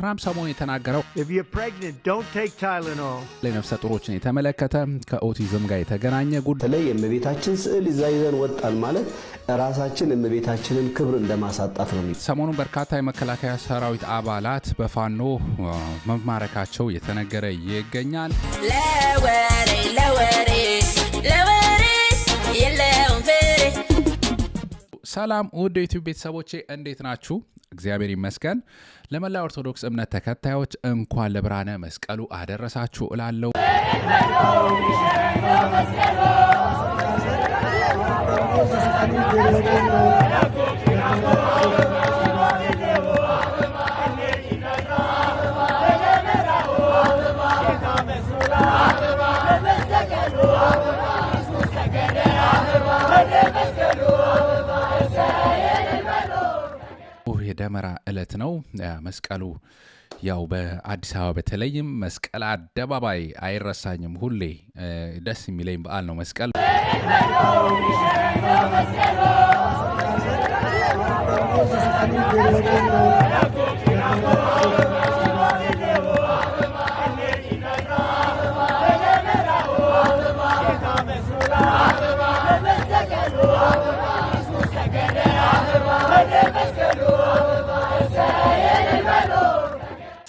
ትራምፕ ሰሞኑን የተናገረው ለነፍሰ ጡሮችን የተመለከተ ከኦቲዝም ጋር የተገናኘ ጉዳይ በተለይ የእመቤታችን ስዕል ይዛ ይዘን ወጣን ማለት ራሳችን የእመቤታችንን ክብር እንደማሳጣት ነው። ሰሞኑን በርካታ የመከላከያ ሰራዊት አባላት በፋኖ መማረካቸው እየተነገረ ይገኛል። ለወሬ ለወሬ ሰላም ውድ ዩቲዩብ ቤተሰቦቼ እንዴት ናችሁ? እግዚአብሔር ይመስገን። ለመላ ኦርቶዶክስ እምነት ተከታዮች እንኳን ለብርሃነ መስቀሉ አደረሳችሁ እላለሁ። የደመራ ዕለት ነው። መስቀሉ ያው በአዲስ አበባ በተለይም መስቀል አደባባይ አይረሳኝም። ሁሌ ደስ የሚለኝ በዓል ነው መስቀል።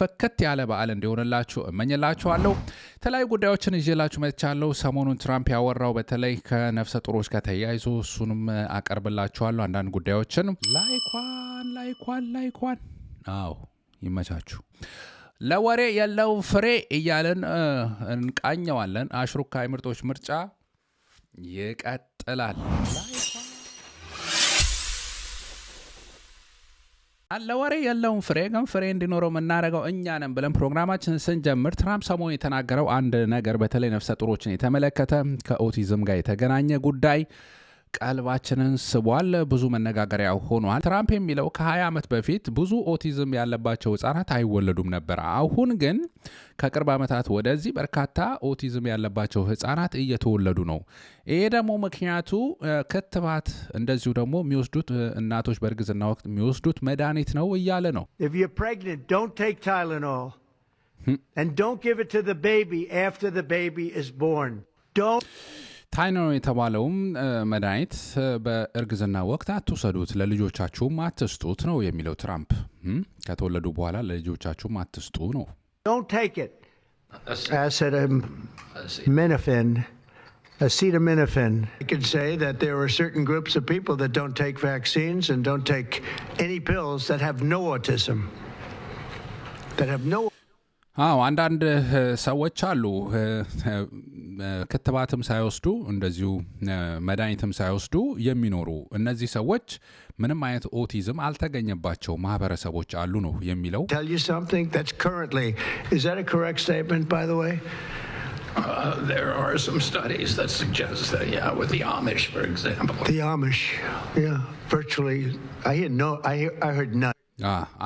ፈከት ያለ በዓል እንዲሆንላችሁ እመኝላችኋለሁ። የተለያዩ ጉዳዮችን ይዤላችሁ መጥቻለሁ። ሰሞኑን ትራምፕ ያወራው በተለይ ከነፍሰ ጡሮች ጋር ተያይዞ እሱንም አቀርብላችኋለሁ። አንዳንድ ጉዳዮችን ላይኳን ላይኳን ላይኳን። አዎ ይመቻችሁ። ለወሬ የለው ፍሬ እያለን እንቃኘዋለን። አሽሩካ የምርጦች ምርጫ ይቀጥላል። ወሬ የለውም ፍሬ ግን ፍሬ እንዲኖረው የምናደርገው እኛ ነን ብለን ፕሮግራማችንን ስንጀምር ትራምፕ ሰሞኑን የተናገረው አንድ ነገር በተለይ ነፍሰ ጡሮችን የተመለከተ ከኦቲዝም ጋር የተገናኘ ጉዳይ ቀልባችንን ስቧል። ብዙ መነጋገሪያ ሆኗል። ትራምፕ የሚለው ከ20 ዓመት በፊት ብዙ ኦቲዝም ያለባቸው ህጻናት አይወለዱም ነበር፣ አሁን ግን ከቅርብ ዓመታት ወደዚህ በርካታ ኦቲዝም ያለባቸው ህጻናት እየተወለዱ ነው። ይሄ ደግሞ ምክንያቱ ክትባት፣ እንደዚሁ ደግሞ የሚወስዱት እናቶች በእርግዝና ወቅት የሚወስዱት መድኃኒት ነው እያለ ነው። ታይኖር የተባለውም መድኃኒት በእርግዝና ወቅት አትውሰዱት፣ ለልጆቻችሁም አትስጡት ነው የሚለው ትራምፕ። ከተወለዱ በኋላ ለልጆቻችሁም አትስጡ ነው አሴትሚኒፊን አዎ አንዳንድ ሰዎች አሉ ክትባትም ሳይወስዱ እንደዚሁ መድኃኒትም ሳይወስዱ የሚኖሩ እነዚህ ሰዎች ምንም አይነት ኦቲዝም አልተገኘባቸው ማህበረሰቦች አሉ ነው የሚለው። uh, amish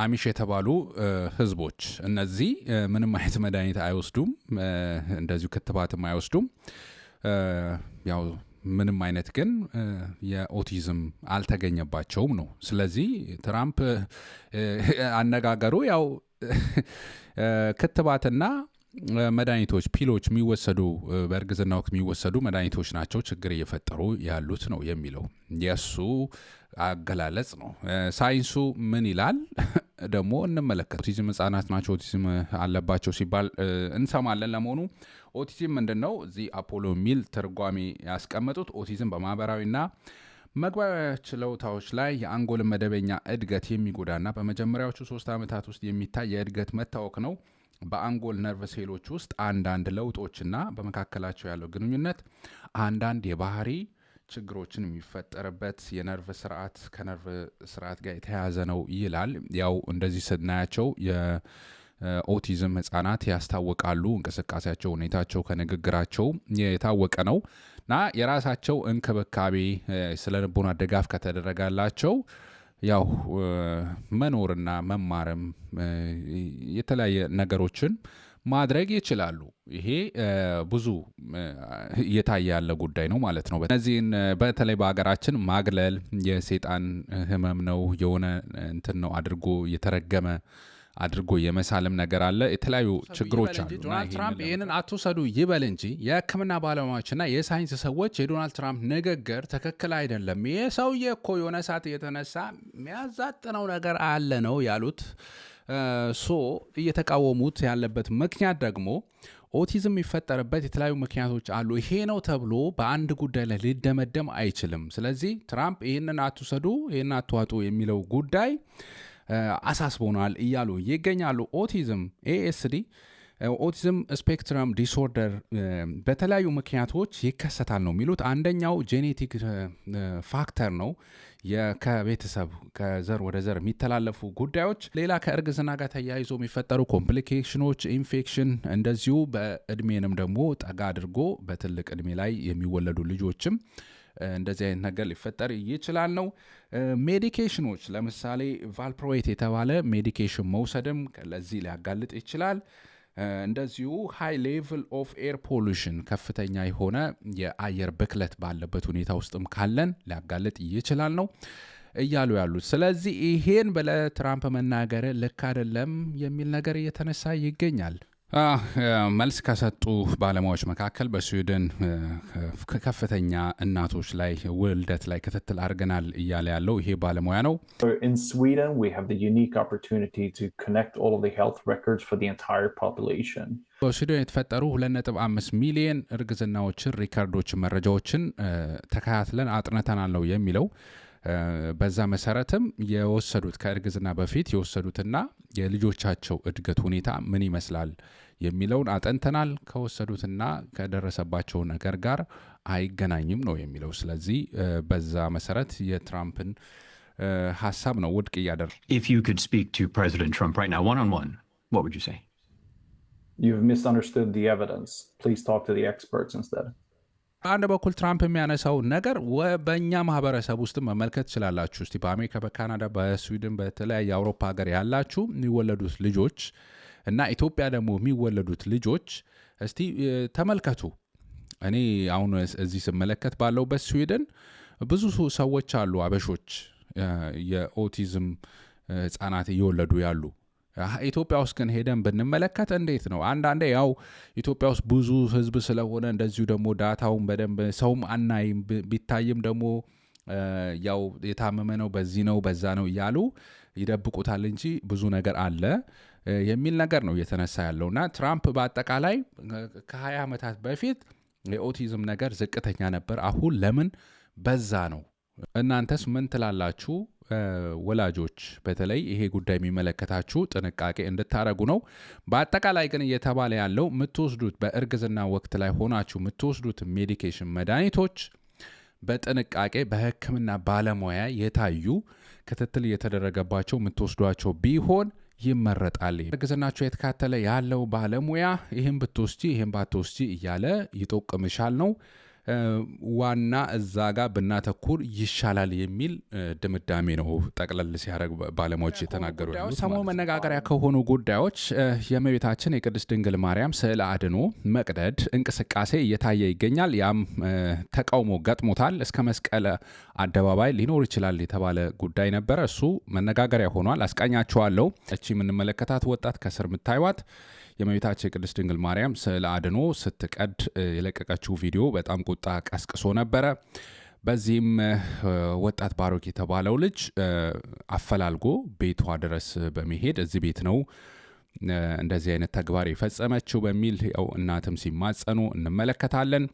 አሚሽ የተባሉ ህዝቦች እነዚህ ምንም አይነት መድኃኒት አይወስዱም፣ እንደዚሁ ክትባትም አይወስዱም። ያው ምንም አይነት ግን የኦቲዝም አልተገኘባቸውም ነው። ስለዚህ ትራምፕ አነጋገሩ ያው ክትባትና መድኃኒቶች ፒሎች የሚወሰዱ በእርግዝና ወቅት የሚወሰዱ መድኃኒቶች ናቸው ችግር እየፈጠሩ ያሉት ነው የሚለው የእሱ አገላለጽ ነው። ሳይንሱ ምን ይላል ደግሞ እንመለከት። ኦቲዝም ህጻናት ናቸው ኦቲዝም አለባቸው ሲባል እንሰማለን። ለመሆኑ ኦቲዝም ምንድን ነው? እዚህ አፖሎ የሚል ትርጓሜ ያስቀመጡት ኦቲዝም በማህበራዊና መግባቢያ ችሎታዎች ላይ የአንጎልን መደበኛ እድገት የሚጎዳና በመጀመሪያዎቹ ሶስት ዓመታት ውስጥ የሚታይ የእድገት መታወክ ነው። በአንጎል ነርቭ ሴሎች ውስጥ አንዳንድ ለውጦችና በመካከላቸው ያለው ግንኙነት አንዳንድ የባህሪ ችግሮችን የሚፈጠርበት የነርቭ ስርዓት ከነርቭ ስርዓት ጋር የተያያዘ ነው ይላል። ያው እንደዚህ ስናያቸው የኦቲዝም ህጻናት ያስታውቃሉ። እንቅስቃሴያቸው፣ ሁኔታቸው፣ ከንግግራቸው የታወቀ ነው እና የራሳቸው እንክብካቤ ስለ ልቦና ድጋፍ ከተደረጋላቸው ያው መኖርና መማርም የተለያየ ነገሮችን ማድረግ ይችላሉ። ይሄ ብዙ እየታየ ያለ ጉዳይ ነው ማለት ነው። እነዚህን በተለይ በሀገራችን ማግለል የሴጣን ሕመም ነው የሆነ እንትን ነው አድርጎ የተረገመ አድርጎ የመሳለም ነገር አለ። የተለያዩ ችግሮች አሉ። ዶናልድ ትራምፕ ይህንን አትውሰዱ ይበል እንጂ የሕክምና ባለሙያዎችና የሳይንስ ሰዎች የዶናልድ ትራምፕ ንግግር ትክክል አይደለም፣ ይህ ሰውዬ እኮ የሆነ ሰዓት እየተነሳ የሚያዛጥነው ነገር አለ ነው ያሉት። ሶ እየተቃወሙት ያለበት ምክንያት ደግሞ ኦቲዝም የሚፈጠርበት የተለያዩ ምክንያቶች አሉ። ይሄ ነው ተብሎ በአንድ ጉዳይ ላይ ሊደመደም አይችልም። ስለዚህ ትራምፕ ይህንን አትውሰዱ፣ ይህንን አትዋጡ የሚለው ጉዳይ አሳስቦናል እያሉ ይገኛሉ። ኦቲዝም ኤኤስዲ ኦቲዝም ስፔክትረም ዲስኦርደር በተለያዩ ምክንያቶች ይከሰታል ነው የሚሉት። አንደኛው ጄኔቲክ ፋክተር ነው፣ ከቤተሰብ ከዘር ወደ ዘር የሚተላለፉ ጉዳዮች። ሌላ ከእርግዝና ጋር ተያይዞ የሚፈጠሩ ኮምፕሊኬሽኖች፣ ኢንፌክሽን፣ እንደዚሁ በእድሜንም ደግሞ ጠጋ አድርጎ በትልቅ እድሜ ላይ የሚወለዱ ልጆችም እንደዚህ አይነት ነገር ሊፈጠር ይችላል ነው። ሜዲኬሽኖች ለምሳሌ ቫልፕሮዌት የተባለ ሜዲኬሽን መውሰድም ለዚህ ሊያጋልጥ ይችላል። እንደዚሁ ሃይ ሌቭል ኦፍ ኤር ፖሉሽን ከፍተኛ የሆነ የአየር ብክለት ባለበት ሁኔታ ውስጥም ካለን ሊያጋልጥ ይችላል ነው እያሉ ያሉት። ስለዚህ ይሄን ብለህ ትራምፕ መናገር ልክ አይደለም የሚል ነገር እየተነሳ ይገኛል። መልስ ከሰጡ ባለሙያዎች መካከል በስዊድን ከፍተኛ እናቶች ላይ ውልደት ላይ ክትትል አድርገናል እያለ ያለው ይሄ ባለሙያ ነው። በስዊድን የተፈጠሩ 2.5 ሚሊየን እርግዝናዎችን፣ ሪከርዶችን፣ መረጃዎችን ተከታትለን አጥንተናል ነው የሚለው በዛ መሰረትም የወሰዱት ከእርግዝና በፊት የወሰዱትና የልጆቻቸው እድገት ሁኔታ ምን ይመስላል የሚለውን አጠንተናል። ከወሰዱትና ከደረሰባቸው ነገር ጋር አይገናኝም ነው የሚለው። ስለዚህ በዛ መሰረት የትራምፕን ሀሳብ ነው ውድቅ እያደረግ በአንድ በኩል ትራምፕ የሚያነሳውን ነገር በእኛ ማህበረሰብ ውስጥ መመልከት ትችላላችሁ። እስቲ በአሜሪካ፣ በካናዳ፣ በስዊድን በተለያየ አውሮፓ ሀገር ያላችሁ የሚወለዱት ልጆች እና ኢትዮጵያ ደግሞ የሚወለዱት ልጆች እስቲ ተመልከቱ። እኔ አሁን እዚህ ስመለከት ባለውበት ስዊድን ብዙ ሰዎች አሉ አበሾች የኦቲዝም ህጻናት እየወለዱ ያሉ ኢትዮጵያ ውስጥ ግን ሄደን ብንመለከት እንዴት ነው? አንዳንዴ ያው ኢትዮጵያ ውስጥ ብዙ ህዝብ ስለሆነ እንደዚሁ ደግሞ ዳታውን በደንብ ሰውም አናይም፣ ቢታይም ደግሞ ያው የታመመ ነው በዚህ ነው በዛ ነው እያሉ ይደብቁታል እንጂ ብዙ ነገር አለ የሚል ነገር ነው እየተነሳ ያለው እና ትራምፕ በአጠቃላይ ከ20 ዓመታት በፊት የኦቲዝም ነገር ዝቅተኛ ነበር። አሁን ለምን በዛ ነው? እናንተስ ምን ትላላችሁ? ወላጆች በተለይ ይሄ ጉዳይ የሚመለከታችሁ ጥንቃቄ እንድታረጉ ነው። በአጠቃላይ ግን እየተባለ ያለው የምትወስዱት በእርግዝና ወቅት ላይ ሆናችሁ የምትወስዱት ሜዲኬሽን መድኃኒቶች በጥንቃቄ በሕክምና ባለሙያ የታዩ ክትትል እየተደረገባቸው የምትወስዷቸው ቢሆን ይመረጣል። እርግዝናቸው የተካተለ ያለው ባለሙያ ይህም ብትወስጂ ይህም ባትወስጂ እያለ ይጠቁምሻል ነው። ዋና እዛ ጋር ብናተኩር ይሻላል የሚል ድምዳሜ ነው ጠቅለል ሲያደርግ ባለሙያዎች የተናገሩ ሰሞ መነጋገሪያ ከሆኑ ጉዳዮች የእመቤታችን የቅድስት ድንግል ማርያም ስዕል አድኖ መቅደድ እንቅስቃሴ እየታየ ይገኛል። ያም ተቃውሞ ገጥሞታል። እስከ መስቀለ አደባባይ ሊኖር ይችላል የተባለ ጉዳይ ነበረ። እሱ መነጋገሪያ ሆኗል። አስቃኛችኋለሁ። እቺ የምንመለከታት ወጣት ከስር ምታይዋት የእመቤታችን የቅድስት ድንግል ማርያም ስዕል አድኖ ስትቀድ የለቀቀችው ቪዲዮ በጣም ቁጣ ቀስቅሶ ነበረ። በዚህም ወጣት ባሮክ የተባለው ልጅ አፈላልጎ ቤቷ ድረስ በመሄድ እዚህ ቤት ነው እንደዚህ አይነት ተግባር የፈጸመችው በሚል ያው እናትም ሲማጸኑ እንመለከታለን።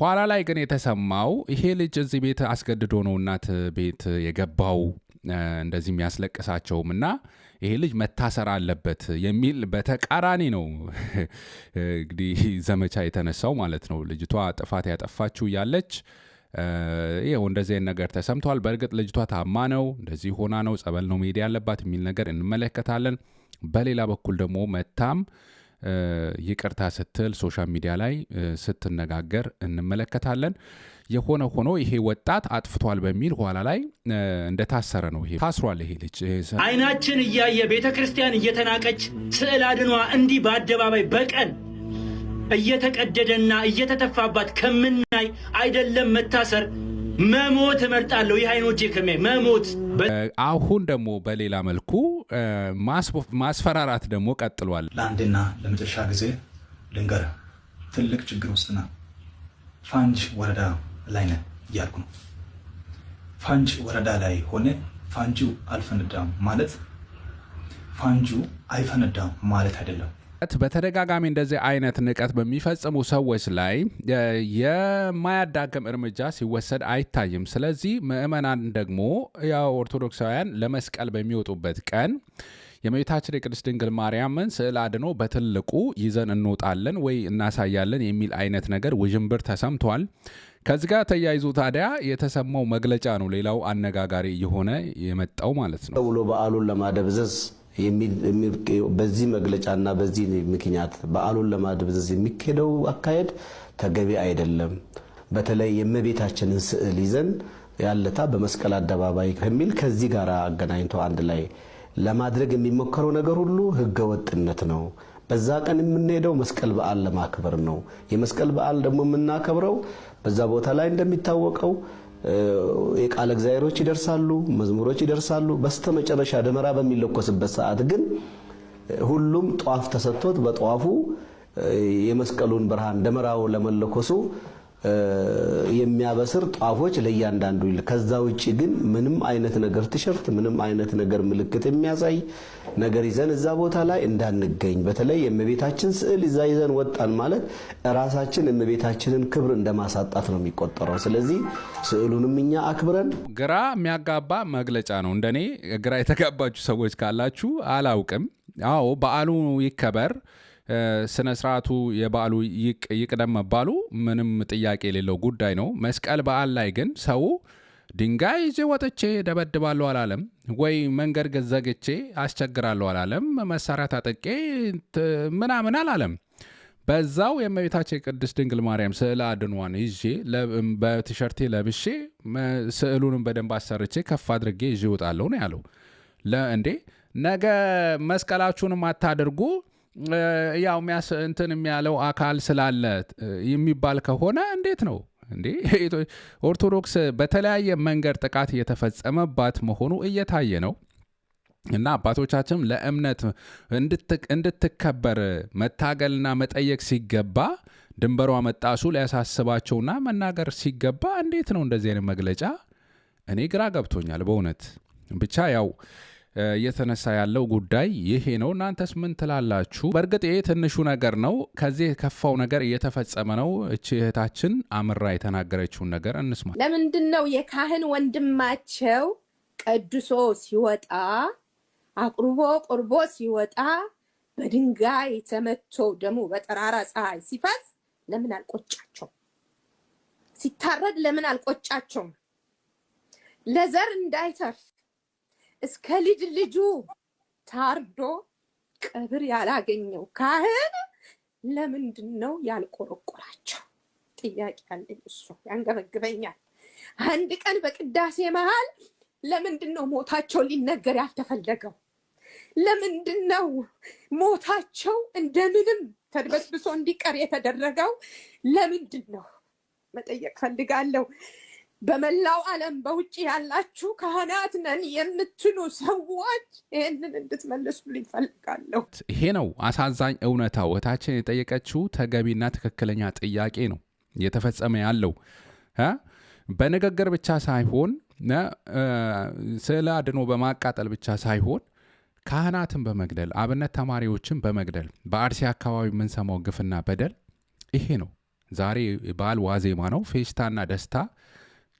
ኋላ ላይ ግን የተሰማው ይሄ ልጅ እዚህ ቤት አስገድዶ ነው እናት ቤት የገባው እንደዚህ የሚያስለቅሳቸውም እና ይሄ ልጅ መታሰር አለበት የሚል በተቃራኒ ነው እንግዲህ ዘመቻ የተነሳው ማለት ነው። ልጅቷ ጥፋት ያጠፋችው እያለች ይኸው እንደዚህ ነገር ተሰምቷል። በእርግጥ ልጅቷ ታማ ነው እንደዚህ ሆና ነው ጸበል ነው መሄድ ያለባት የሚል ነገር እንመለከታለን። በሌላ በኩል ደግሞ መታም ይቅርታ ስትል ሶሻል ሚዲያ ላይ ስትነጋገር እንመለከታለን። የሆነ ሆኖ ይሄ ወጣት አጥፍቷል በሚል ኋላ ላይ እንደታሰረ ነው። ይሄ ታስሯል። ይሄ ልጅ አይናችን እያየ ቤተ ክርስቲያን እየተናቀች ስዕል አድኗ እንዲህ በአደባባይ በቀን እየተቀደደና እየተተፋባት ከምናይ አይደለም መታሰር መሞት እመርጣለሁ። ይህ አይኖቼ ከሚ መሞት። አሁን ደግሞ በሌላ መልኩ ማስፈራራት ደግሞ ቀጥሏል። ለአንድና ለመጨረሻ ጊዜ ልንገር፣ ትልቅ ችግር ውስጥ ፋንጅ ወረዳ ላይ ነን እያልኩ ነው። ፋንጂ ወረዳ ላይ ሆነ ፋንጂው አልፈነዳም ማለት ፋንጂው አይፈነዳም ማለት አይደለም። በተደጋጋሚ እንደዚህ አይነት ንቀት በሚፈጽሙ ሰዎች ላይ የማያዳግም እርምጃ ሲወሰድ አይታይም። ስለዚህ ምእመናን ደግሞ ያው ኦርቶዶክሳውያን ለመስቀል በሚወጡበት ቀን የመቤታችን የቅድስት ድንግል ማርያምን ስዕል አድኖ በትልቁ ይዘን እንወጣለን ወይ እናሳያለን የሚል አይነት ነገር ውዥንብር ተሰምቷል። ከዚህ ጋር ተያይዞ ታዲያ የተሰማው መግለጫ ነው ሌላው አነጋጋሪ የሆነ የመጣው ማለት ነው ብሎ በዓሉን ለማደብዘዝ በዚህ መግለጫና በዚህ ምክንያት በዓሉን ለማደብዘዝ የሚካሄደው አካሄድ ተገቢ አይደለም። በተለይ የእመቤታችንን ስዕል ይዘን ያለታ በመስቀል አደባባይ ከሚል ከዚህ ጋር አገናኝቶ አንድ ላይ ለማድረግ የሚሞከረው ነገር ሁሉ ህገወጥነት ነው። በዛ ቀን የምንሄደው መስቀል በዓል ለማክበር ነው። የመስቀል በዓል ደግሞ የምናከብረው በዛ ቦታ ላይ እንደሚታወቀው የቃለ እግዚአብሔሮች ይደርሳሉ፣ መዝሙሮች ይደርሳሉ። በስተመጨረሻ ደመራ በሚለኮስበት ሰዓት ግን ሁሉም ጧፍ ተሰጥቶት በጧፉ የመስቀሉን ብርሃን ደመራው ለመለኮሱ የሚያበስር ጧፎች ለእያንዳንዱ ይል። ከዛ ውጭ ግን ምንም አይነት ነገር ቲሸርት፣ ምንም አይነት ነገር ምልክት የሚያሳይ ነገር ይዘን እዛ ቦታ ላይ እንዳንገኝ። በተለይ የእመቤታችን ስዕል እዛ ይዘን ወጣን ማለት ራሳችን የእመቤታችንን ክብር እንደማሳጣት ነው የሚቆጠረው። ስለዚህ ስዕሉንም እኛ አክብረን ግራ የሚያጋባ መግለጫ ነው። እንደኔ ግራ የተጋባችሁ ሰዎች ካላችሁ አላውቅም። አዎ በዓሉ ይከበር ስነ ስርዓቱ የበዓሉ ይቅደም መባሉ ምንም ጥያቄ የሌለው ጉዳይ ነው። መስቀል በዓል ላይ ግን ሰው ድንጋይ ይዤ ወጥቼ ደበድባለሁ አላለም ወይ መንገድ ዘግቼ አስቸግራለሁ አላለም። መሳሪያ ታጠቄ ምናምን አላለም። በዛው የእመቤታችን ቅድስት ድንግል ማርያም ስዕል አድኗን ይዤ በቲሸርቴ ለብሼ ስዕሉንም በደንብ አሰርቼ ከፍ አድርጌ ይዤ እወጣለሁ ነው ያለው። ለእንዴ ነገ መስቀላችሁንም አታድርጉ ያው እንትን የሚያለው አካል ስላለ የሚባል ከሆነ እንዴት ነው እንዴ? ኦርቶዶክስ በተለያየ መንገድ ጥቃት እየተፈጸመባት መሆኑ እየታየ ነው። እና አባቶቻችን ለእምነት እንድትከበር መታገልና መጠየቅ ሲገባ ድንበሯ መጣሱ ሊያሳስባቸውና መናገር ሲገባ እንዴት ነው እንደዚህ አይነት መግለጫ? እኔ ግራ ገብቶኛል በእውነት ብቻ ያው እየተነሳ ያለው ጉዳይ ይሄ ነው። እናንተስ ምን ትላላችሁ? በእርግጥ ይሄ ትንሹ ነገር ነው። ከዚህ የከፋው ነገር እየተፈጸመ ነው። እቺ እህታችን አምራ የተናገረችውን ነገር እንስማ። ለምንድን ነው የካህን ወንድማቸው ቀድሶ ሲወጣ አቁርቦ ቆርቦ ሲወጣ በድንጋይ ተመቶ ደግሞ በጠራራ ፀሐይ ሲፈስ ለምን አልቆጫቸው? ሲታረድ ለምን አልቆጫቸውም? ለዘር እንዳይተርፍ እስከ ልጅ ልጁ ታርዶ ቀብር ያላገኘው ካህን ለምንድን ነው ያልቆረቆራቸው? ጥያቄ አለኝ። እሱ ያንገበግበኛል። አንድ ቀን በቅዳሴ መሃል ለምንድን ነው ሞታቸው ሊነገር ያልተፈለገው? ለምንድን ነው ሞታቸው እንደምንም ተድበስብሶ እንዲቀር የተደረገው? ለምንድን ነው መጠየቅ ፈልጋለሁ። በመላው ዓለም በውጭ ያላችሁ ካህናት ነን የምትሉ ሰዎች ይህንን እንድትመልሱልኝ ይፈልጋለሁ። ይሄ ነው አሳዛኝ እውነታው። እህታችን የጠየቀችው ተገቢና ትክክለኛ ጥያቄ ነው እየተፈጸመ ያለው በንግግር ብቻ ሳይሆን ስዕለ አድኖ በማቃጠል ብቻ ሳይሆን ካህናትን በመግደል አብነት ተማሪዎችን በመግደል በአርሲ አካባቢ የምንሰማው ግፍና በደል ይሄ ነው። ዛሬ በዓል ዋዜማ ነው። ፌሽታና ደስታ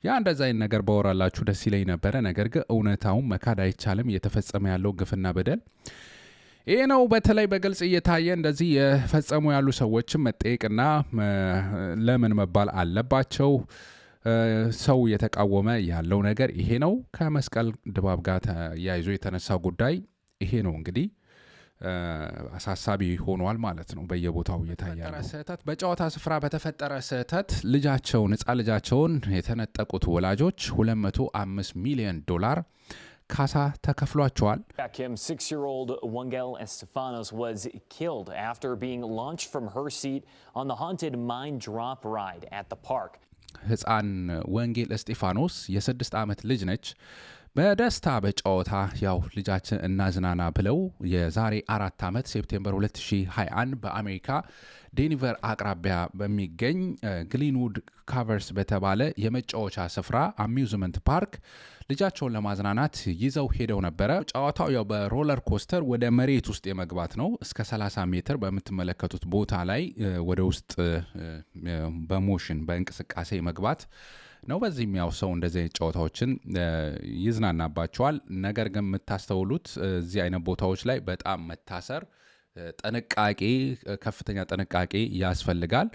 ያ እንደዛ አይነት ነገር ባወራላችሁ ደስ ይለኝ ነበረ። ነገር ግን እውነታውን መካድ አይቻልም። እየተፈጸመ ያለው ግፍና በደል ይህ ነው። በተለይ በግልጽ እየታየ እንደዚህ የፈጸሙ ያሉ ሰዎችም መጠየቅና ለምን መባል አለባቸው። ሰው እየተቃወመ ያለው ነገር ይሄ ነው። ከመስቀል ድባብ ጋር ተያይዞ የተነሳ ጉዳይ ይሄ ነው እንግዲህ አሳሳቢ ሆኗል ማለት ነው። በየቦታው እየታየ ስህተት በጨዋታ ስፍራ በተፈጠረ ስህተት ልጃቸውን ህፃን ልጃቸውን የተነጠቁት ወላጆች 205 ሚሊዮን ዶላር ካሳ ተከፍሏቸዋል። ህፃን ወንጌል እስጢፋኖስ የስድስት ዓመት ልጅ ነች። በደስታ በጨዋታ ያው ልጃችን እናዝናና ብለው የዛሬ አራት ዓመት ሴፕቴምበር 2021 በአሜሪካ ዴኒቨር አቅራቢያ በሚገኝ ግሊንውድ ካቨርስ በተባለ የመጫወቻ ስፍራ አሚዩዝመንት ፓርክ ልጃቸውን ለማዝናናት ይዘው ሄደው ነበረ። ጨዋታው ያው በሮለር ኮስተር ወደ መሬት ውስጥ የመግባት ነው። እስከ 30 ሜትር በምትመለከቱት ቦታ ላይ ወደ ውስጥ በሞሽን በእንቅስቃሴ መግባት ነው። በዚህም ያው ሰው እንደዚህ አይነት ጨዋታዎችን ይዝናናባቸዋል። ነገር ግን የምታስተውሉት እዚህ አይነት ቦታዎች ላይ በጣም መታሰር፣ ጥንቃቄ፣ ከፍተኛ ጥንቃቄ ያስፈልጋል።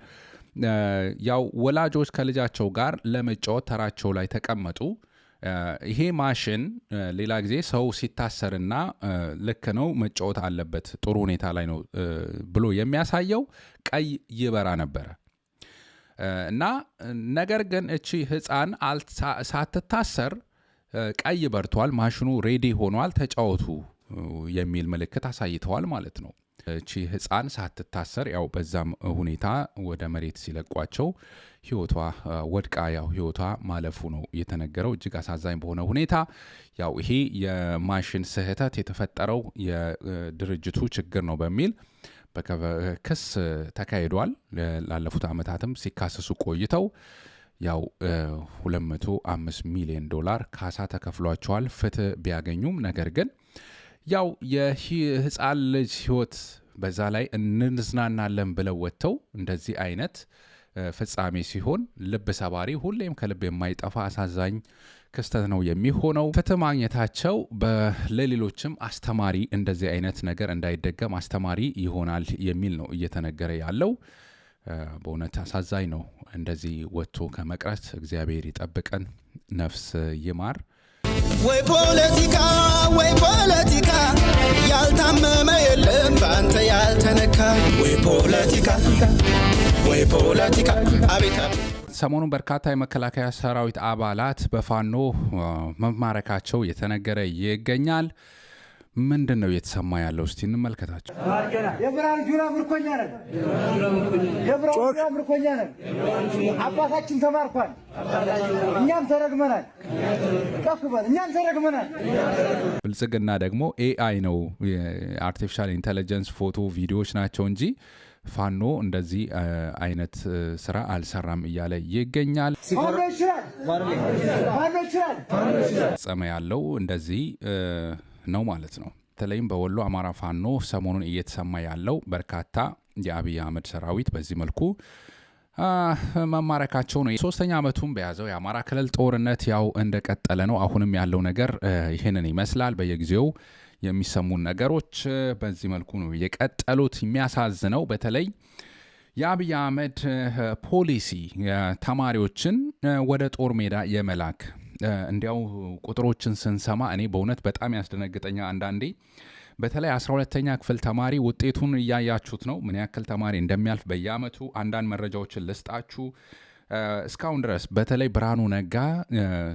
ያው ወላጆች ከልጃቸው ጋር ለመጫወት ተራቸው ላይ ተቀመጡ። ይሄ ማሽን ሌላ ጊዜ ሰው ሲታሰርና ልክ ነው መጫወት አለበት ጥሩ ሁኔታ ላይ ነው ብሎ የሚያሳየው ቀይ ይበራ ነበረ። እና ነገር ግን እቺ ህፃን ሳትታሰር ቀይ በርቷል፣ ማሽኑ ሬዲ ሆኗል፣ ተጫወቱ የሚል ምልክት አሳይተዋል ማለት ነው። እቺ ህፃን ሳትታሰር ያው በዛም ሁኔታ ወደ መሬት ሲለቋቸው ህይወቷ ወድቃ ያው ህይወቷ ማለፉ ነው የተነገረው። እጅግ አሳዛኝ በሆነ ሁኔታ ያው ይሄ የማሽን ስህተት የተፈጠረው የድርጅቱ ችግር ነው በሚል ክስ ተካሂዷል። ላለፉት ዓመታትም ሲካሰሱ ቆይተው ያው 205 ሚሊዮን ዶላር ካሳ ተከፍሏቸዋል ፍትህ ቢያገኙም ነገር ግን ያው የህፃን ልጅ ህይወት በዛ ላይ እንዝናናለን ብለው ወጥተው እንደዚህ አይነት ፍጻሜ ሲሆን ልብ ሰባሪ ሁሌም ከልብ የማይጠፋ አሳዛኝ ክስተት ነው የሚሆነው። ፍትህ ማግኘታቸው ለሌሎችም አስተማሪ እንደዚህ አይነት ነገር እንዳይደገም አስተማሪ ይሆናል የሚል ነው እየተነገረ ያለው። በእውነት አሳዛኝ ነው እንደዚህ ወጥቶ ከመቅረት። እግዚአብሔር ይጠብቀን፣ ነፍስ ይማር። ወይ ፖለቲካ ወይ ፖለቲካ ያልታመመ የለም በአንተ ያልተነካ ወይ ፖለቲካ ወይ ፖለቲካ አቤት ሰሞኑን በርካታ የመከላከያ ሰራዊት አባላት በፋኖ መማረካቸው እየተነገረ ይገኛል። ምንድን ነው እየተሰማ ያለው? እስቲ እንመልከታቸው። የብርሃኑ ጁላ ምርኮኛ ነን፣ የብርሃኑ ጁላ ምርኮኛ ነን። አባታችን ተማርኳል፣ እኛም ተረግመናል። ቀፍ በል እኛም ተረግመናል። ብልጽግና ደግሞ ኤአይ ነው አርቲፊሻል ኢንቴሊጀንስ ፎቶ ቪዲዮዎች ናቸው እንጂ ፋኖ እንደዚህ አይነት ስራ አልሰራም እያለ ይገኛል። ጸመ ያለው እንደዚህ ነው ማለት ነው። በተለይም በወሎ አማራ ፋኖ ሰሞኑን እየተሰማ ያለው በርካታ የአብይ አህመድ ሰራዊት በዚህ መልኩ መማረካቸው ነው። ሶስተኛ ዓመቱን በያዘው የአማራ ክልል ጦርነት ያው እንደቀጠለ ነው። አሁንም ያለው ነገር ይህንን ይመስላል። በየጊዜው የሚሰሙን ነገሮች በዚህ መልኩ ነው የቀጠሉት። የሚያሳዝነው በተለይ የአብይ አህመድ ፖሊሲ ተማሪዎችን ወደ ጦር ሜዳ የመላክ እንዲያው ቁጥሮችን ስንሰማ እኔ በእውነት በጣም ያስደነግጠኛ አንዳንዴ በተለይ አስራ ሁለተኛ ክፍል ተማሪ ውጤቱን እያያችሁት ነው፣ ምን ያክል ተማሪ እንደሚያልፍ በየአመቱ አንዳንድ መረጃዎችን ልስጣችሁ። እስካሁን ድረስ በተለይ ብርሃኑ ነጋ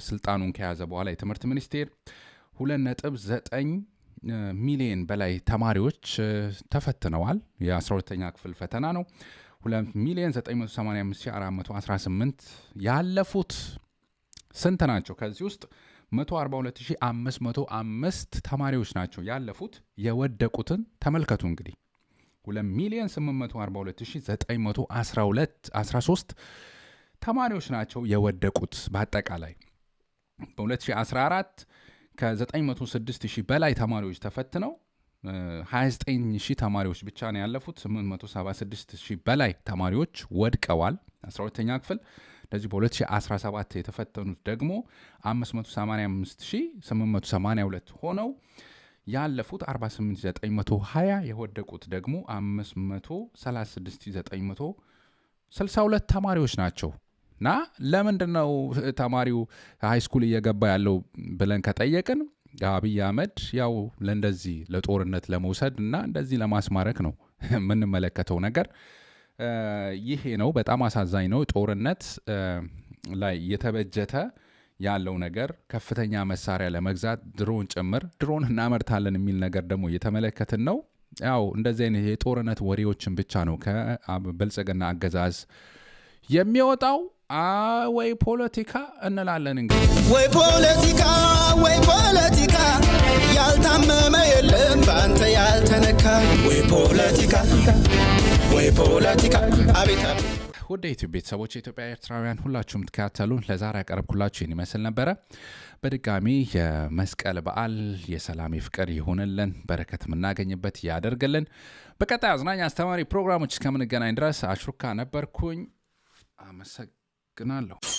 ስልጣኑን ከያዘ በኋላ የትምህርት ሚኒስቴር ሁለት ነጥብ ዘጠኝ ሚሊየን በላይ ተማሪዎች ተፈትነዋል። 12 ክፍል ፈተና ነው። 2 ሚሊየን ስምንት ያለፉት ስንት ናቸው? ከዚህ ውስጥ 142505 ተማሪዎች ናቸው ያለፉት። የወደቁትን ተመልከቱ እንግዲህ 2842912 ተማሪዎች ናቸው የወደቁት። በአጠቃላይ በ2014 ከ906 በላይ ተማሪዎች ተፈትነው 29 ተማሪዎች ብቻ ነው ያለፉት። 876000 በላይ ተማሪዎች ወድቀዋል። 12ኛ ክፍል እነዚህ በ2017 የተፈተኑት ደግሞ 585882 ሆነው ያለፉት 48920 የወደቁት ደግሞ 536962 ተማሪዎች ናቸው። እና ለምንድን ነው ተማሪው ሃይስኩል እየገባ ያለው ብለን ከጠየቅን አብይ አህመድ ያው ለእንደዚህ ለጦርነት ለመውሰድ እና እንደዚህ ለማስማረክ ነው የምንመለከተው ነገር ይሄ ነው። በጣም አሳዛኝ ነው። ጦርነት ላይ የተበጀተ ያለው ነገር ከፍተኛ መሳሪያ ለመግዛት ድሮን ጭምር ድሮን እናመርታለን የሚል ነገር ደግሞ እየተመለከትን ነው። ያው እንደዚህ አይነት የጦርነት ወሬዎችን ብቻ ነው ከብልጽግና አገዛዝ የሚወጣው። ወይ ፖለቲካ እንላለን እንግዲህ ወይ ፖለቲካ ወይ ፖለቲካ ያልታመመ የለም በአንተ ያልተነካ ወይ ፖለቲካ ወይ ፖለቲካ አቤት ወደ የኢትዮ ቤተሰቦች የኢትዮጵያ ኤርትራውያን ሁላችሁም ትከታተሉ ለዛሬ ያቀረብኩላችሁ ይህን ይመስል ነበረ። በድጋሚ የመስቀል በዓል የሰላም የፍቅር ይሁንልን፣ በረከት የምናገኝበት ያደርግልን። በቀጣይ አዝናኝ አስተማሪ ፕሮግራሞች እስከምንገናኝ ድረስ አሽሩካ ነበርኩኝ። አመሰግ አመሰግናለሁ።